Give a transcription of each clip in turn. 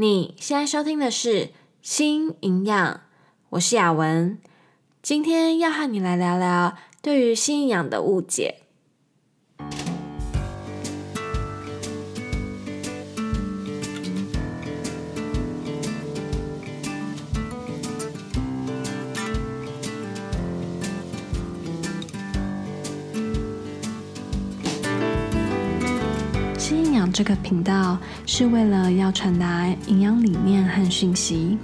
你現在收聽的是《心營養》，我是雅雯，今天要和你來聊聊對於心營養的誤解。這個頻道是為了要傳達營養理念和訊息，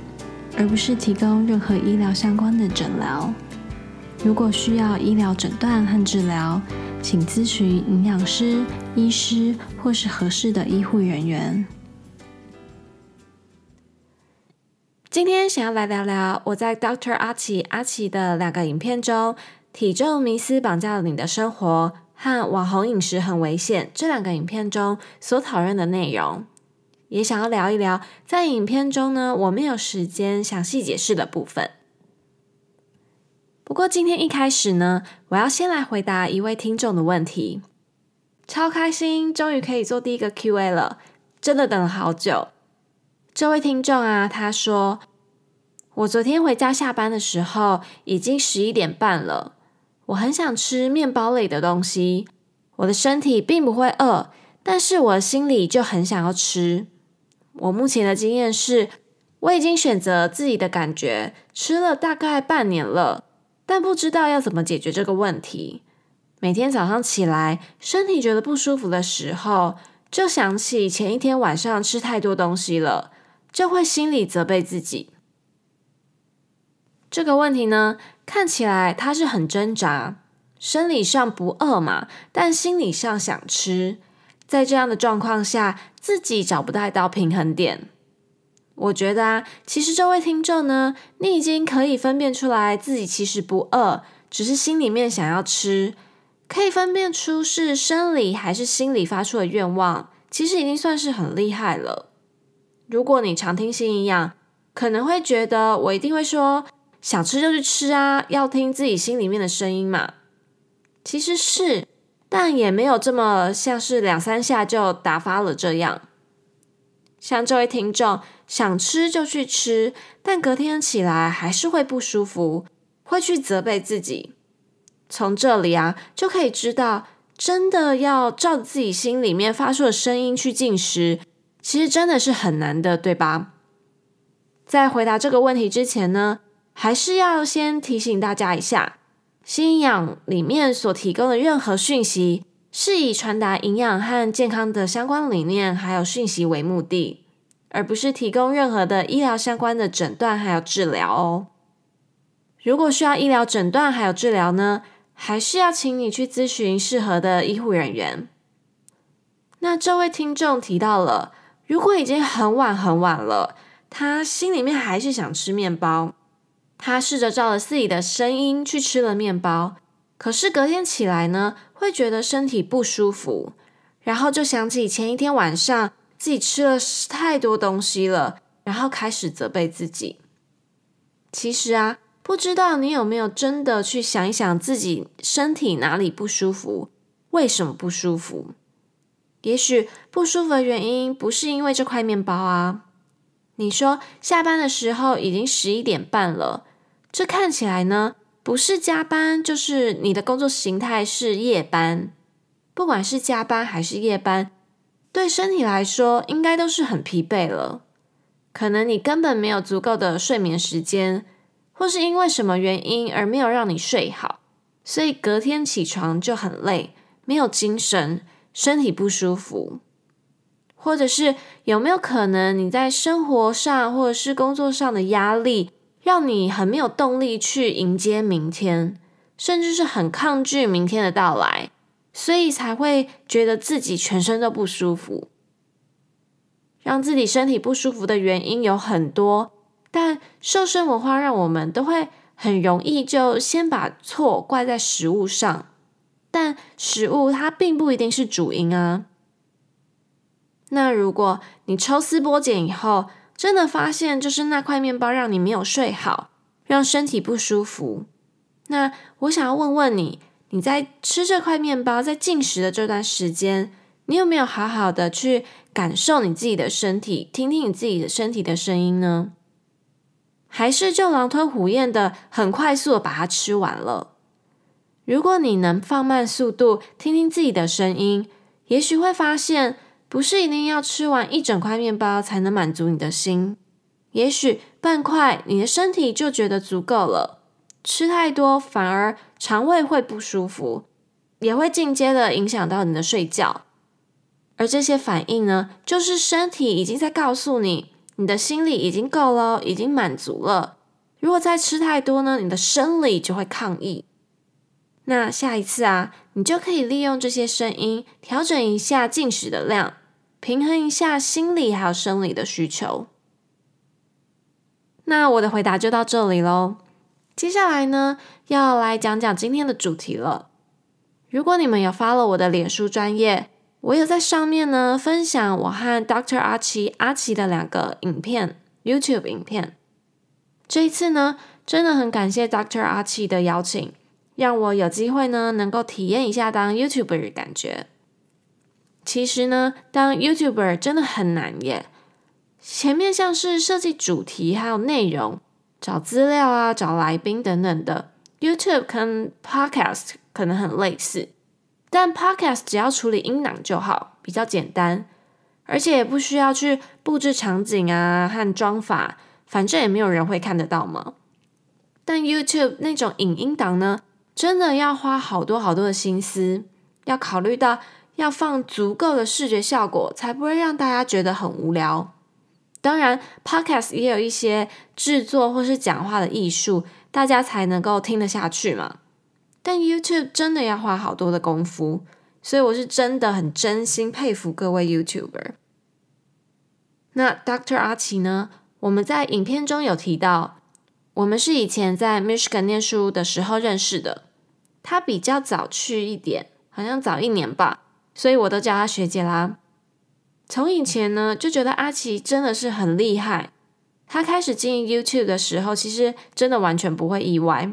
而不是提供任何醫療相關的診療。如果需要醫療診斷和治療，請諮詢營養師、醫師或是合適的醫護人員。今天想要來聊聊我在 Doctor 阿奇阿奇的兩個影片中，體重迷思綁架了你的生活。和網紅飲食很危險這兩個影片中所討論的內容，也想要聊一聊。在影片中呢，我沒有時間詳細解釋的部分。不過今天一開始呢，我要先來回答一位聽眾的問題。超開心，終於可以做第一個 Q&A 了，真的等了好久。這位聽眾啊，他說：“我昨天回家下班的時候，已經十一點半了。”我很想吃麵包類的東西，我的身體並不會餓，但是我心裡就很想要吃。我目前的經驗是，我已經選擇自己的感覺，吃了大概半年了，但不知道要怎麼解決這個問題。每天早上起來，身體覺得不舒服的時候，就想起前一天晚上吃太多東西了，就會心裡責備自己。這個問題呢？看起來他是很掙扎，生理上不餓嘛，但心理上想吃。在這樣的狀況下，自己找不太到平衡點。我覺得啊，其實這位聽眾呢，你已經可以分辨出來，自己其實不餓，只是心裡面想要吃，可以分辨出是生理還是心理發出的願望，其實已經算是很厲害了。如果你常聽心營養，可能會覺得我一定會說。想吃就去吃啊，要聽自己心裡面的聲音嘛。其實是，但也沒有這麼像是兩三下就打發了這樣。像這位聽眾，想吃就去吃，但隔天起來還是會不舒服，會去責備自己。從這裡啊，就可以知道，真的要照自己心裡面發出的聲音去進食，其實真的是很難的，對吧？在回答這個問題之前呢。還是要先提醒大家一下，心營養裡面所提供的任何訊息，是以傳達營養和健康的相關理念，還有訊息為目的，而不是提供任何的醫療相關的診斷還有治療哦。如果需要醫療診斷還有治療呢，還是要請你去諮詢適合的醫護人員。那這位聽眾提到了，如果已經很晚很晚了，他心裡面還是想吃麵包。他試着照了自己的聲音去吃了麵包，可是隔天起來呢，會覺得身體不舒服，然後就想起前一天晚上自己吃了太多東西了，然後開始責備自己。其實啊，不知道你有沒有真的去想一想自己身體哪裡不舒服，為什麼不舒服？也許不舒服的原因不是因為這塊麵包啊。你說下班的時候已經十一點半了。這看起來呢，不是加班，就是你的工作形態是夜班。不管是加班還是夜班，對身體來說應該都是很疲憊了。可能你根本沒有足夠的睡眠時間，或是因為什麼原因而沒有讓你睡好，所以隔天起床就很累，沒有精神，身體不舒服。或者是有沒有可能你在生活上或者是工作上的壓力，讓你很沒有動力去迎接明天，甚至是很抗拒明天的到來，所以才會覺得自己全身都不舒服。讓自己身體不舒服的原因有很多，但瘦身文化讓我們都會很容易就先把錯怪在食物上，但食物它並不一定是主因啊。那如果你抽絲剝繭以後，真的發現就是那塊麵包讓你沒有睡好，讓身體不舒服。那我想要問問你，你在吃這塊麵包，在進食的這段時間，你有沒有好好的去感受你自己的身體，聽聽你自己的身體的聲音呢？還是就狼吞虎嚥的，很快速的把它吃完了？如果你能放慢速度，聽聽自己的聲音，也許會發現。不是一定要吃完一整塊麵包才能滿足你的心，也許半塊你的身體就覺得足夠了。吃太多反而腸胃會不舒服，也會間接的影響到你的睡覺。而這些反應呢，就是身體已經在告訴你，你的心理已經夠了，已經滿足了。如果再吃太多呢，你的生理就會抗議。那下一次啊，你就可以利用這些聲音調整一下進食的量，平衡一下心理還有生理的需求。那我的回答就到這裡嘍。接下來呢，要來講講今天的主題了。如果你們有 follow 我的臉書專頁，我有在上面呢分享我和 Dr. 阿奇阿奇的兩個影片 YouTube 影片。這一次呢，真的很感謝 Dr. 阿奇的邀請。讓我有機會呢，能夠體驗一下當 YouTuber 的感覺。其實呢，當 YouTuber 真的很難耶。前面像是設計主題還有內容、找資料啊、找來賓等等的，YouTube 跟 Podcast 可能很類似。但 Podcast 只要處理音檔就好，比較簡單，而且也不需要去布置場景啊、和妝髮，反正也沒有人會看得到嘛。但 YouTube 那種影音檔呢？真的要花好多好多的心思，要考慮到要放足夠的視覺效果，才不會讓大家覺得很無聊。當然，podcast 也有一些製作或是講話的藝術，大家才能夠聽得下去嘛。但 YouTube 真的要花好多的功夫，所以我是真的很真心佩服各位 YouTuber。那 Dr. 阿奇呢？我們在影片中有提到，我們是以前在 Michigan 念書的時候認識的。他比較早去一點，好像早一年吧，所以我都叫他學姐啦。從以前呢，就覺得阿奇真的是很厲害。他開始經營 YouTube 的時候，其實真的完全不會意外。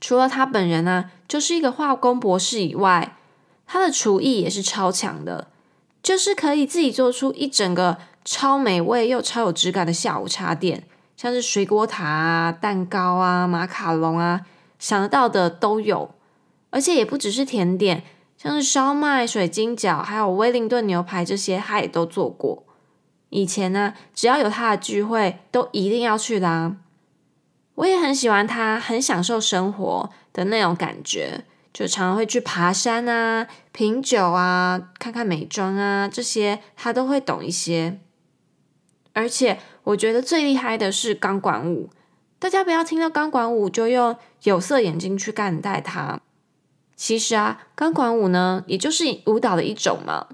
除了他本人啊，就是一個化工博士以外，他的廚藝也是超強的，就是可以自己做出一整個超美味又超有質感的下午茶店，像是水果塔啊、蛋糕啊、馬卡龍啊。想得到的都有，而且也不只是甜點，像是燒麥、水晶餃，還有威靈頓牛排這些，他也都做過。以前呢，只要有他的聚會，都一定要去啦。我也很喜歡他，很享受生活的那種感覺，就常會去爬山啊、品酒啊、看看美妝啊這些，他都會懂一些。而且我覺得最厲害的是鋼管舞。大家不要聽到鋼管舞就用有色眼鏡去看待它。其實啊，鋼管舞呢，也就是舞蹈的一種嘛。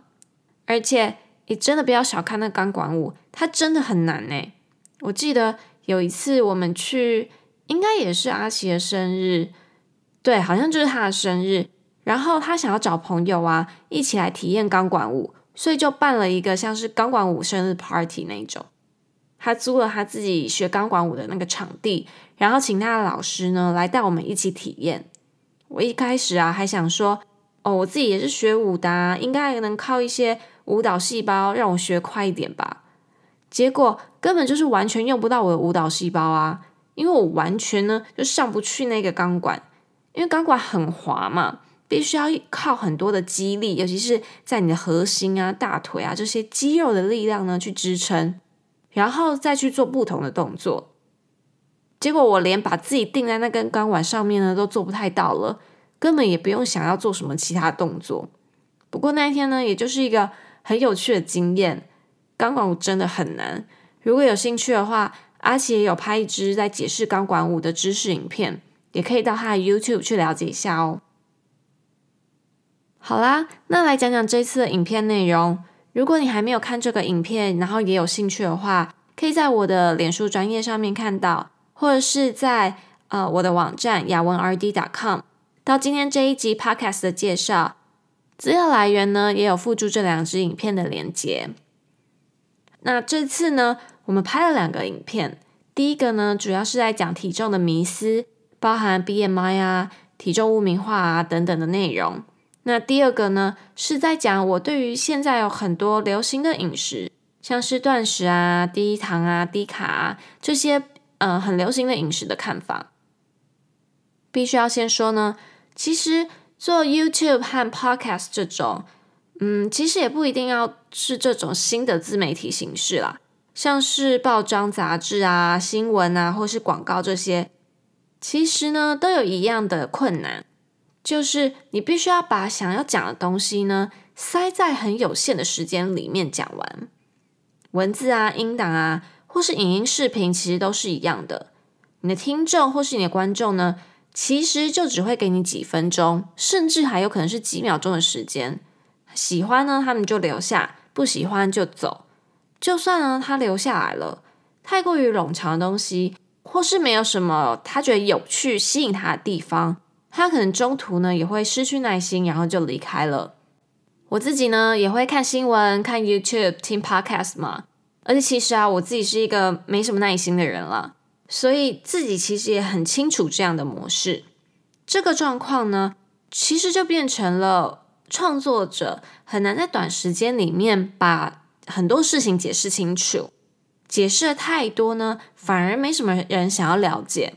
而且也真的不要小看那鋼管舞，它真的很難呢、欸。我記得有一次我們去，應該也是阿奇的生日，對，好像就是他的生日。然後他想要找朋友啊，一起來體驗鋼管舞，所以就辦了一個像是鋼管舞生日 party 那一種。他租了他自己學鋼管舞的那個場地，然後請他的老師呢來帶我們一起體驗。我一開始啊還想說，哦，我自己也是學舞的啊，應該能靠一些舞蹈細胞讓我學快一點吧。結果根本就是完全用不到我的舞蹈細胞啊，因為我完全呢就上不去那個鋼管，因為鋼管很滑嘛，必須要靠很多的肌力，尤其是在你的核心啊、大腿啊這些肌肉的力量呢去支撐。然後再去做不同的動作，結果我連把自己定在那根鋼管上面呢，都做不太到了，根本也不用想要做什麼其他動作。不過那一天呢，也就是一個很有趣的經驗。鋼管舞真的很難，如果有興趣的話，阿奇也有拍一支在解釋鋼管舞的知識影片，也可以到他的 YouTube 去了解一下哦。好啦，那來講講這次的影片內容。如果你還沒有看這個影片，然後也有興趣的話，可以在我的臉書專頁上面看到，或者是在呃我的網站雅文 RD dot com，到今天這一集 Podcast 的介紹，資料來源呢也有附注這兩支影片的連結。那這次呢，我們拍了兩個影片，第一個呢主要是在講體重的迷思，包含 BMI 啊、體重污名化啊等等的內容。那第二個呢，是在講我對於現在有很多流行的飲食，像是斷食啊、低糖啊、低卡啊這些呃很流行的飲食的看法。必須要先說呢，其實做 YouTube 和 Podcast 這種，嗯，其實也不一定要是這種新的自媒體形式啦，像是報章、雜誌啊、新聞啊，或是廣告這些，其實呢都有一樣的困難。就是你必須要把想要講的東西呢塞在很有限的時間裡面講完，文字啊、音檔啊，或是影音視頻，其實都是一樣的。你的聽眾或是你的觀眾呢，其實就只會給你幾分鐘，甚至還有可能是幾秒鐘的時間。喜歡呢，他們就留下；不喜歡就走。就算呢，他留下來了，太過於冗長的東西，或是沒有什麼他覺得有趣、吸引他的地方。他可能中途呢也會失去耐心，然後就離開了。我自己呢也會看新聞、看 YouTube、聽 Podcast 嘛。而且其實啊，我自己是一個沒什麼耐心的人啦，所以自己其實也很清楚這樣的模式。這個狀況呢，其實就變成了創作者很難在短時間裡面把很多事情解釋清楚。解釋的太多呢，反而沒什麼人想要了解。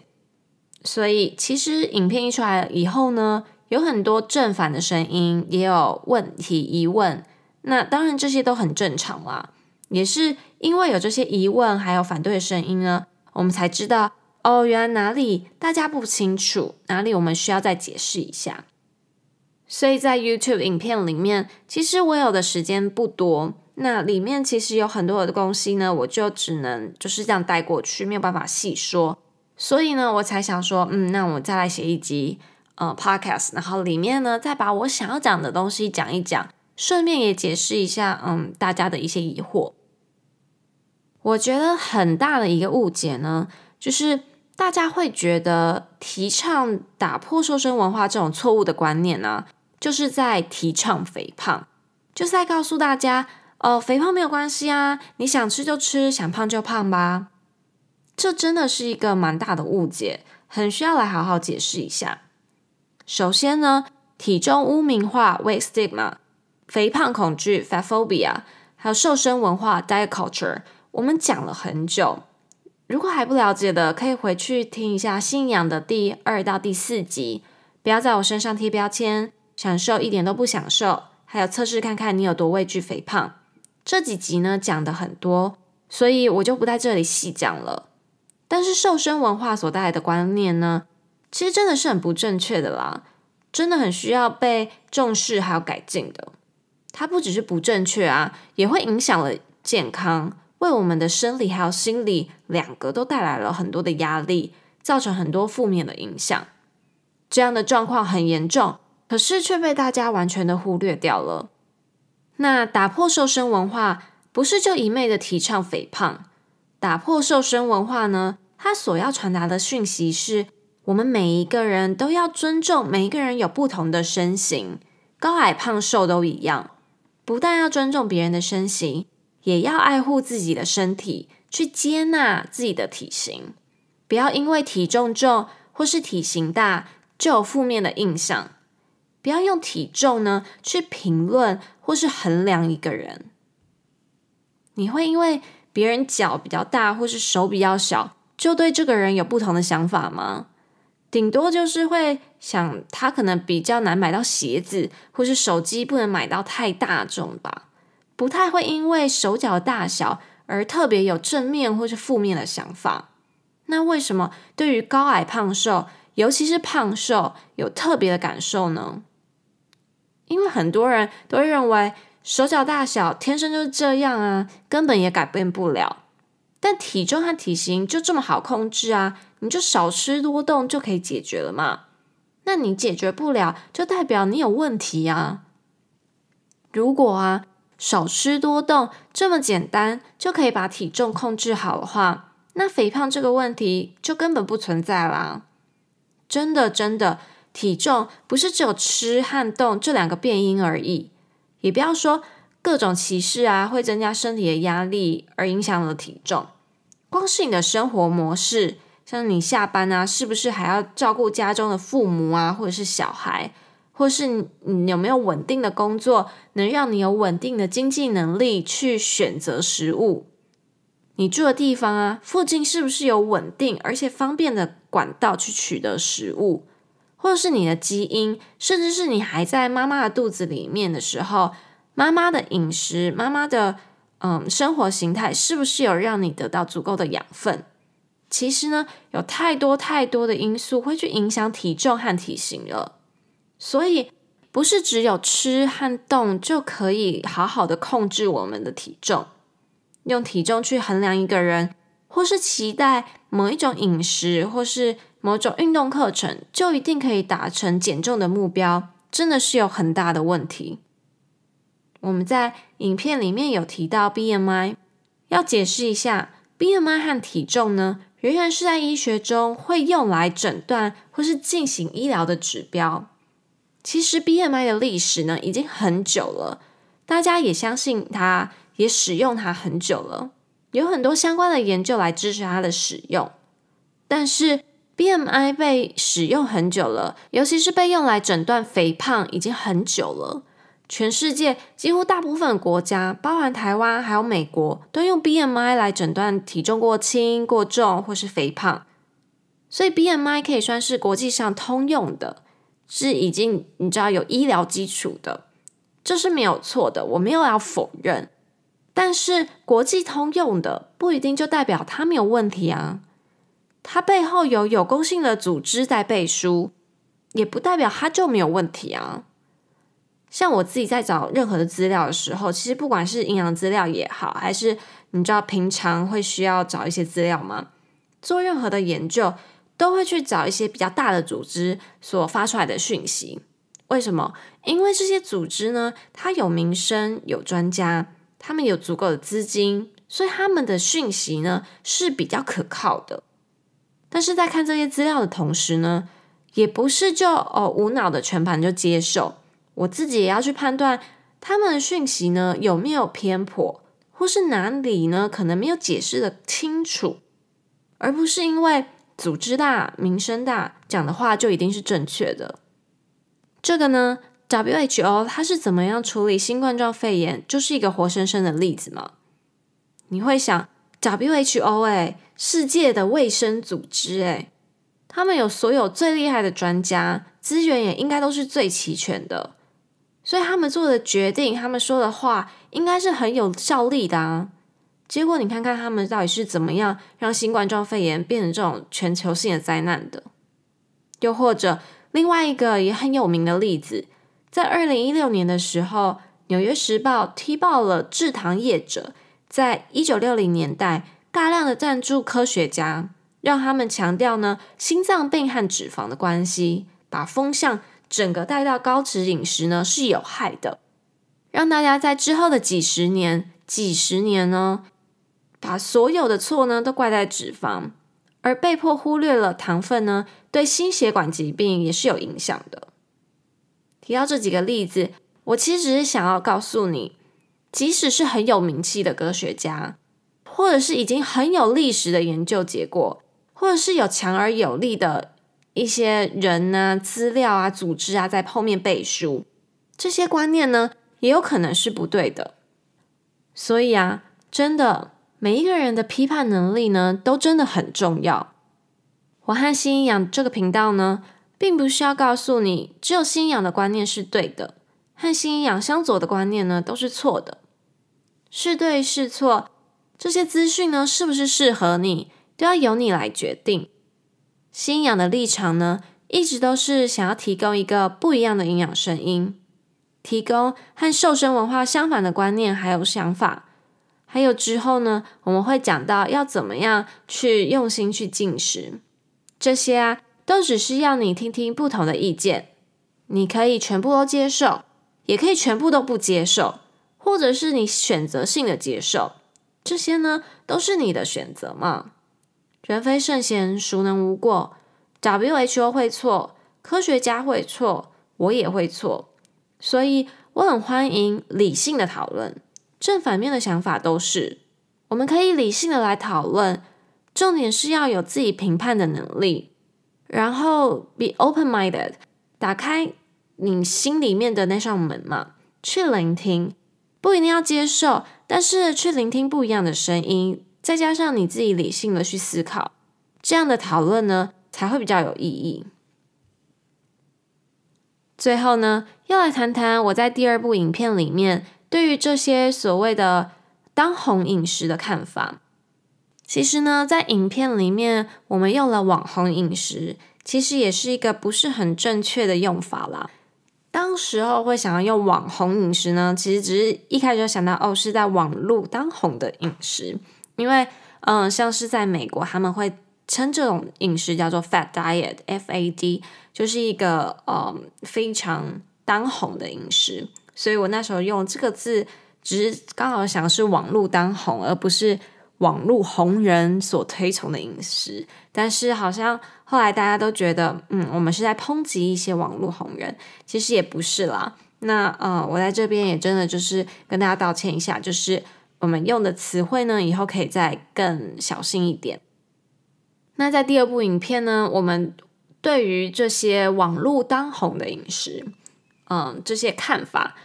所以其實影片一出來以後呢，有很多正反的聲音，也有問題疑問。那當然這些都很正常啦，也是因為有這些疑問，還有反對的聲音呢，我們才知道哦，原來哪裡大家不清楚，哪裡我們需要再解釋一下。所以在 YouTube 影片裡面，其實我有的時間不多，那裡面其實有很多的東西呢，我就只能就是這樣帶過去，沒有辦法細說。所以呢，我才想說，嗯，那我再來寫一集呃 podcast，然後裡面呢，再把我想要講的東西講一講，順便也解釋一下，嗯，大家的一些疑惑。我覺得很大的一個誤解呢，就是大家會覺得提倡打破瘦身文化這種錯誤的觀念呢，就是在提倡肥胖，就是在告訴大家，呃，肥胖沒有關係啊，你想吃就吃，想胖就胖吧。這真的是一個蠻大的誤解，很需要來好好解釋一下。首先呢，體重污名化 （weight stigma）、肥胖恐懼 （fatphobia）、還有瘦身文化 （diet culture），我們講了很久。如果還不了解的，可以回去聽一下《心營養》的第二到第四集。不要在我身上貼標籤，想瘦一點都不享受，還有測試看看你有多畏懼肥胖。這幾集呢，講得很多，所以我就不在這裡細講了。但是瘦身文化所帶來的觀念呢，其實真的是很不正確的啦，真的很需要被重視還有改進的。它不只是不正確啊，也會影響了健康，為我們的生理還有心理兩個都帶來了很多的壓力，造成很多負面的影響。這樣的狀況很嚴重，可是卻被大家完全的忽略掉了。那打破瘦身文化，不是就一味的提倡肥胖？打破瘦身文化呢？他所要傳達的訊息是：我們每一個人都要尊重每一個人有不同的身形，高矮胖瘦都一樣。不但要尊重別人的身形，也要愛護自己的身體，去接納自己的體型。不要因為體重重或是體型大就有負面的印象。不要用體重呢，去評論或是衡量一個人。你會因為別人腳比較大或是手比較小就對這個人有不同的想法嗎？頂多就是會想他可能比較難買到鞋子，或是手機不能買到太大眾吧，不太會因為手腳大小而特別有正面或是負面的想法。那為什麼對於高矮胖瘦，尤其是胖瘦有特別的感受呢？因為很多人都會認為手腳大小天生就是這樣啊，根本也改變不了。但體重和體型就這麼好控制啊？你就少吃多動就可以解決了嗎？那你解決不了，就代表你有問題啊！如果啊，少吃多動這麼簡單就可以把體重控制好的話，那肥胖這個問題就根本不存在啦啊！真的真的，體重不是只有吃和動這兩個變因而已，也不要說各種歧視啊，會增加身體的壓力而影響了體重。光是你的生活模式，像你下班啊，是不是還要照顧家中的父母啊，或者是小孩，或是你，你有沒有穩定的工作，能讓你有穩定的經濟能力去選擇食物？你住的地方啊，附近是不是有穩定而且方便的管道去取得食物？或者是你的基因，甚至是你還在媽媽的肚子裡面的時候，媽媽的飲食，媽媽的。嗯，生活形態是不是有讓你得到足夠的養分？其實呢，有太多太多的因素會去影響體重和體型了。所以，不是只有吃和動就可以好好的控制我們的體重。用體重去衡量一個人，或是期待某一種飲食，或是某種運動課程，就一定可以達成減重的目標，真的是有很大的問題。我們在影片裡面有提到 BMI，要解釋一下 BMI 和體重呢，仍然是在醫學中會用來診斷或是進行醫療的指標。其實 BMI 的歷史呢已經很久了，大家也相信它，也使用它很久了，有很多相關的研究來支持它的使用。但是 BMI 被使用很久了，尤其是被用來診斷肥胖已經很久了。全世界幾乎大部分國家，包含台灣還有美國，都用 BMI 來診斷體重過輕、過重或是肥胖，所以 BMI 可以算是國際上通用的，是已經你知道有醫療基礎的，這是沒有錯的，我沒有要否認。但是國際通用的不一定就代表它沒有問題啊，它背後有有公信的組織在背書，也不代表它就沒有問題啊。像我自己在找任何的資料的時候，其實不管是營養資料也好，還是你知道平常會需要找一些資料嗎？做任何的研究都會去找一些比較大的組織所發出來的訊息。為什麼？因為這些組織呢，它有名聲、有專家，他們有足夠的資金，所以他們的訊息呢是比較可靠的。但是在看這些資料的同時呢，也不是就哦無腦的全盤就接受。我自己也要去判斷他們的訊息呢有沒有偏頗，或是哪裡呢可能沒有解釋得清楚，而不是因為組織大、名聲大，講的話就一定是正確的。這個呢，WHO 它是怎麼樣處理新冠狀肺炎，就是一個活生生的例子嘛。你會想，WHO 哎、欸，世界的衛生組織哎、欸，他們有所有最厲害的專家，資源也應該都是最齊全的。所以他們做的決定，他們說的話，應該是很有效力的啊。結果你看看他們到底是怎麼樣讓新冠狀肺炎變成這種全球性的災難的？又或者另外一個也很有名的例子，在二零一六年的時候，《紐約時報》踢爆了製糖業者，在一九六零年代大量的贊助科學家，讓他們強調呢，心臟病和脂肪的關係，把風向。整個帶到高脂飲食呢是有害的，讓大家在之後的幾十年，幾十年呢，把所有的錯呢都怪在脂肪，而被迫忽略了糖分呢對心血管疾病也是有影響的。提到這幾個例子，我其實是想要告訴你，即使是很有名氣的科學家，或者是已經很有歷史的研究結果，或者是有強而有力的一些人呢、啊，資料啊，組織啊，在後面背書，這些觀念呢，也有可能是不對的。所以啊，真的，每一個人的批判能力呢，都真的很重要。我和心營養這個頻道呢，並不是要告訴你，只有心營養的觀念是對的，和心營養相左的觀念呢，都是錯的。是對是錯，這些資訊呢，是不是適合你，都要由你來決定。心營養的立場呢，一直都是想要提供一個不一樣的營養聲音，提供和瘦身文化相反的觀念，還有想法。還有之後呢，我們會講到要怎麼樣去用心去進食，這些啊，都只是要你聽聽不同的意見。你可以全部都接受，也可以全部都不接受，或者是你選擇性的接受，這些呢，都是你的選擇嘛。人非聖賢，孰能無過？WHO 會錯，科學家會錯，我也會錯。所以我很歡迎理性的討論，正反面的想法都是，我們可以理性的來討論。重點是要有自己評判的能力，然後 be open minded，打開你心裡面的那扇門嘛，去聆聽，不一定要接受，但是去聆聽不一樣的聲音。再加上你自己理性的去思考，這樣的討論呢，才會比較有意義。最後呢，要來談談我在第二部影片裡面對於這些所謂的當紅飲食的看法。其實呢，在影片裡面我們用了“網紅飲食”，其實也是一個不是很正確的用法啦。當時候會想要用“網紅飲食”呢，其實只是一開始就想到哦，是在網路當紅的飲食。因為，嗯，像是在美國，他們會稱這種飲食叫做 “fad diet”，F A D，就是一個嗯非常當紅的飲食。所以我那時候用這個字，只是剛好想是網路當紅，而不是網路紅人所推崇的飲食。但是好像後來大家都覺得，嗯，我們是在抨擊一些網絡紅人，其實也不是啦。那，嗯，我在這邊也真的就是跟大家道歉一下，就是。我們用的詞彙呢，以後可以再更小心一點。那在第二部影片呢，我們對於這些網絡當紅的飲食，嗯，這些看法，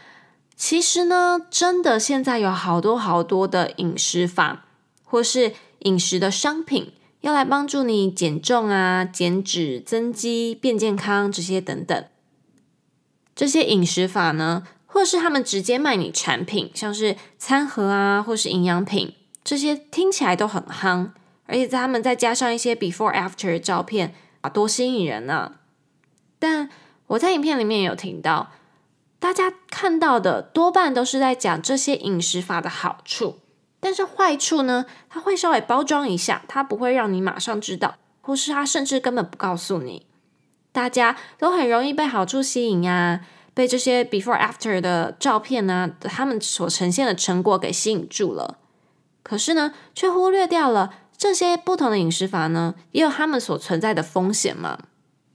其實呢，真的現在有好多好多的飲食法，或是飲食的商品，要來幫助你減重啊、減脂、增肌、變健康這些等等。這些飲食法呢？或是他們直接賣你產品，像是餐盒啊，或是營養品，這些聽起來都很夯，而且他們再加上一些 before after 的照片，啊，多吸引人呢啊。但我在影片裡面有聽到，大家看到的多半都是在講這些飲食法的好處，但是壞處呢，它會稍微包裝一下，它不會讓你馬上知道，或是它甚至根本不告訴你。大家都很容易被好處吸引啊。被這些 before after 的照片呢、啊，他們所呈現的成果給吸引住了，可是呢，卻忽略掉了這些不同的飲食法呢，也有他們所存在的風險嘛？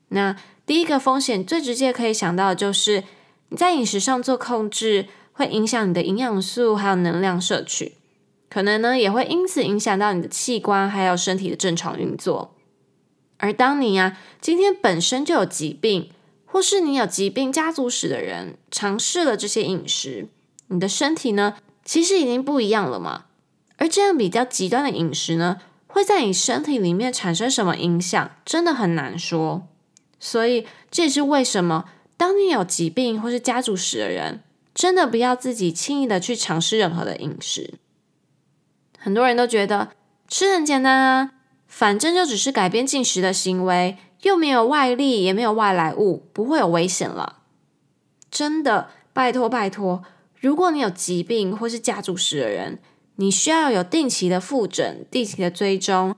那第一個風險最直接可以想到的就是你在飲食上做控制，會影響你的營養素還有能量攝取，可能呢也會因此影響到你的器官還有身體的正常運作。而當你啊今天本身就有疾病，或是你有疾病家族史的人，嘗試了這些飲食，你的身體呢，其實已經不一樣了嘛。而這樣比較極端的飲食呢，會在你身體裡面產生什麼影響，真的很難說。所以這也是為什麼，當你有疾病或是家族史的人，真的不要自己輕易的去嘗試任何的飲食。很多人都覺得吃很簡單啊，反正就只是改變進食的行為。又沒有外力，也沒有外來物，不會有危險了。真的，拜託拜託！如果你有疾病或是家族史的人，你需要有定期的複診、定期的追蹤，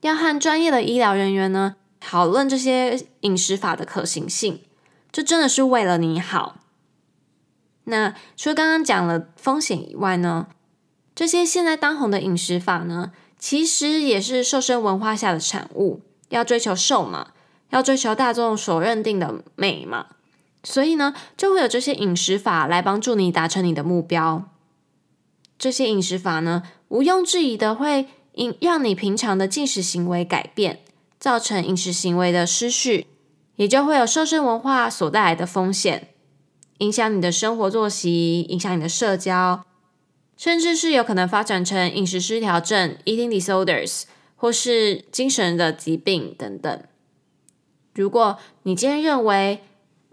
要和專業的醫療人員呢討論這些飲食法的可行性。這真的是為了你好。那除了剛剛講了風險以外呢，這些現在當紅的飲食法呢，其實也是瘦身文化下的產物，要追求瘦嘛。要追求大眾所認定的美嘛，所以呢，就會有這些飲食法來幫助你達成你的目標。這些飲食法呢，毋庸置疑的會引讓你平常的進食行為改變，造成飲食行為的失序，也就會有瘦身文化所帶來的風險，影響你的生活作息，影響你的社交，甚至是有可能發展成飲食失調症 （eating disorders） 或是精神的疾病等等。如果你今天認為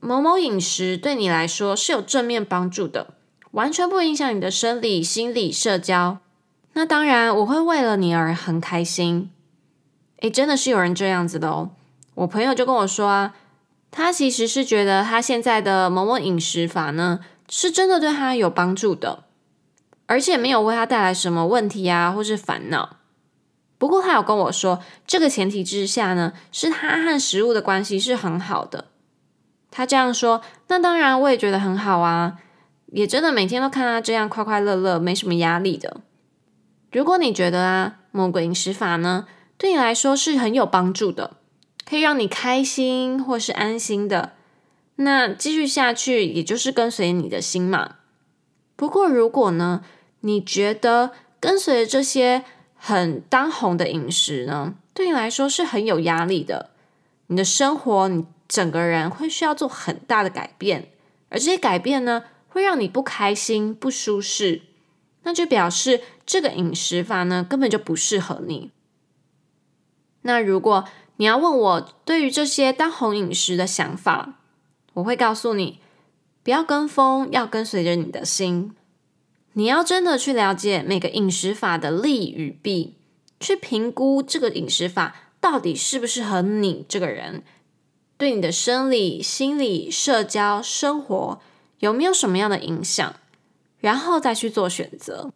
某某飲食對你來說是有正面幫助的，完全不影響你的生理、心理、社交，那當然我會為了你而很開心。欸，真的是有人這樣子的哦，我朋友就跟我說啊，他其實是覺得他現在的某某飲食法呢，是真的對他有幫助的，而且沒有為他帶來什麼問題啊，或是煩惱。不過他有跟我說，這個前提之下呢，是他和食物的關係是很好的。他這樣說，那當然我也覺得很好啊，也真的每天都看他這樣快快樂樂，沒什麼壓力的。如果你覺得啊，魔鬼飲食法呢，對你來說是很有幫助的，可以讓你開心或是安心的，那繼續下去也就是跟隨你的心嘛。不過如果呢，你覺得跟隨這些，很當紅的飲食呢，對你來說是很有壓力的。你的生活，你整個人會需要做很大的改變，而這些改變呢，會讓你不開心、不舒適。那就表示這個飲食法呢，根本就不適合你。那如果你要問我對於這些當紅飲食的想法，我會告訴你，不要跟風，要跟隨着你的心。你要真的去了解每個飲食法的利與弊，去評估這個飲食法到底適不適合你這個人，對你的生理、心理、社交、生活有沒有什麼樣的影響，然後再去做選擇。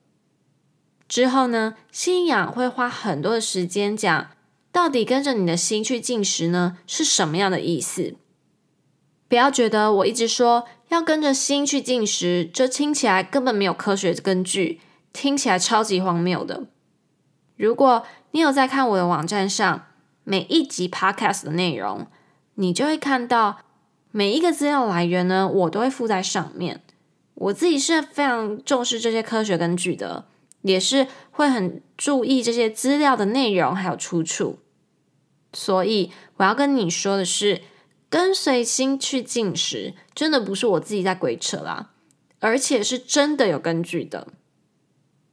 之後呢，心營養會花很多的時間講，到底跟着你的心去進食呢，是什麼樣的意思？不要覺得我一直說。要跟着心去進食，這聽起來根本沒有科學根據，聽起來超級荒謬的。如果你有在看我的網站上每一集 Podcast 的內容，你就會看到每一個資料來源呢，我都會附在上面。我自己是非常重視這些科學根據的，也是會很注意這些資料的內容還有出處。所以我要跟你說的是，跟隨心去進食，真的不是我自己在鬼扯啦，而且是真的有根據的。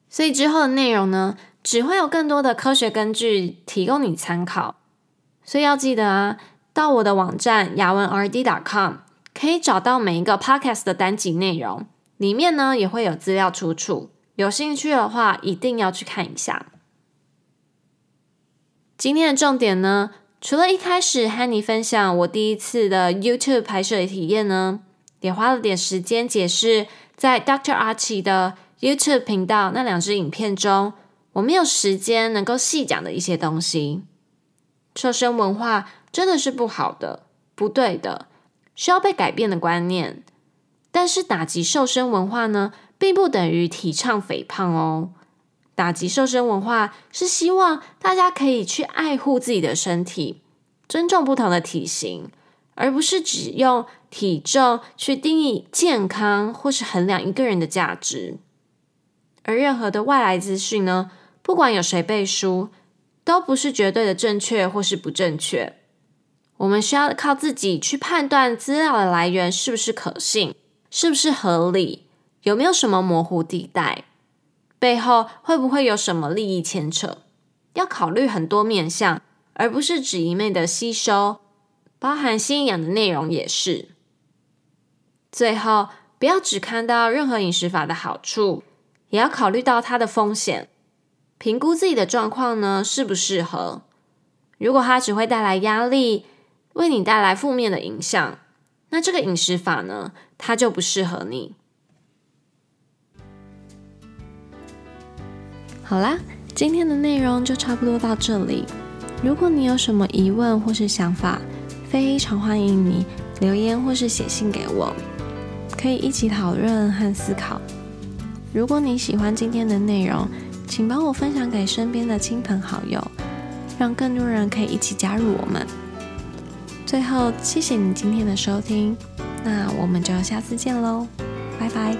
所以之後的內容呢，只會有更多的科學根據提供你參考。所以要記得啊，到我的網站雅文 RD.com 可以找到每一個 podcast 的單集內容，裡面呢也會有資料出處。有興趣的話，一定要去看一下。今天的重點呢，除了一開始和你分享我第一次的 YouTube 拍攝體驗呢，也花了點時間解釋在 Dr. Archie 的 YouTube 頻道那兩支影片中，我沒有時間能夠細講的一些東西。瘦身文化真的是不好的、不對的，需要被改變的觀念。但是打擊瘦身文化呢，並不等於提倡肥胖哦。打擊瘦身文化是希望大家可以去愛護自己的身體，尊重不同的體型，而不是只用體重去定義健康或是衡量一個人的價值。而任何的外來資訊呢，不管有誰背書，都不是絕對的正確或是不正確。我們需要靠自己去判斷資料的來源是不是可信，是不是合理，有沒有什麼模糊地帶。背後會不會有什麼利益牽扯？要考慮很多面向，而不是只一味的吸收，包含心營養的內容也是。最後，不要只看到任何飲食法的好處，也要考慮到它的風險。評估自己的狀況呢，適不適合？如果它只會帶來壓力，為你帶來負面的影響，那這個飲食法呢，它就不適合你。好啦，今天的內容就差不多到這裡。如果你有什麼疑問或是想法，非常歡迎你留言或是寫信給我，可以一起討論和思考。如果你喜歡今天的內容，請幫我分享給身邊的親朋好友，讓更多人可以一起加入我們。最後，謝謝你今天的收聽，那我們就下次見嘍，拜拜。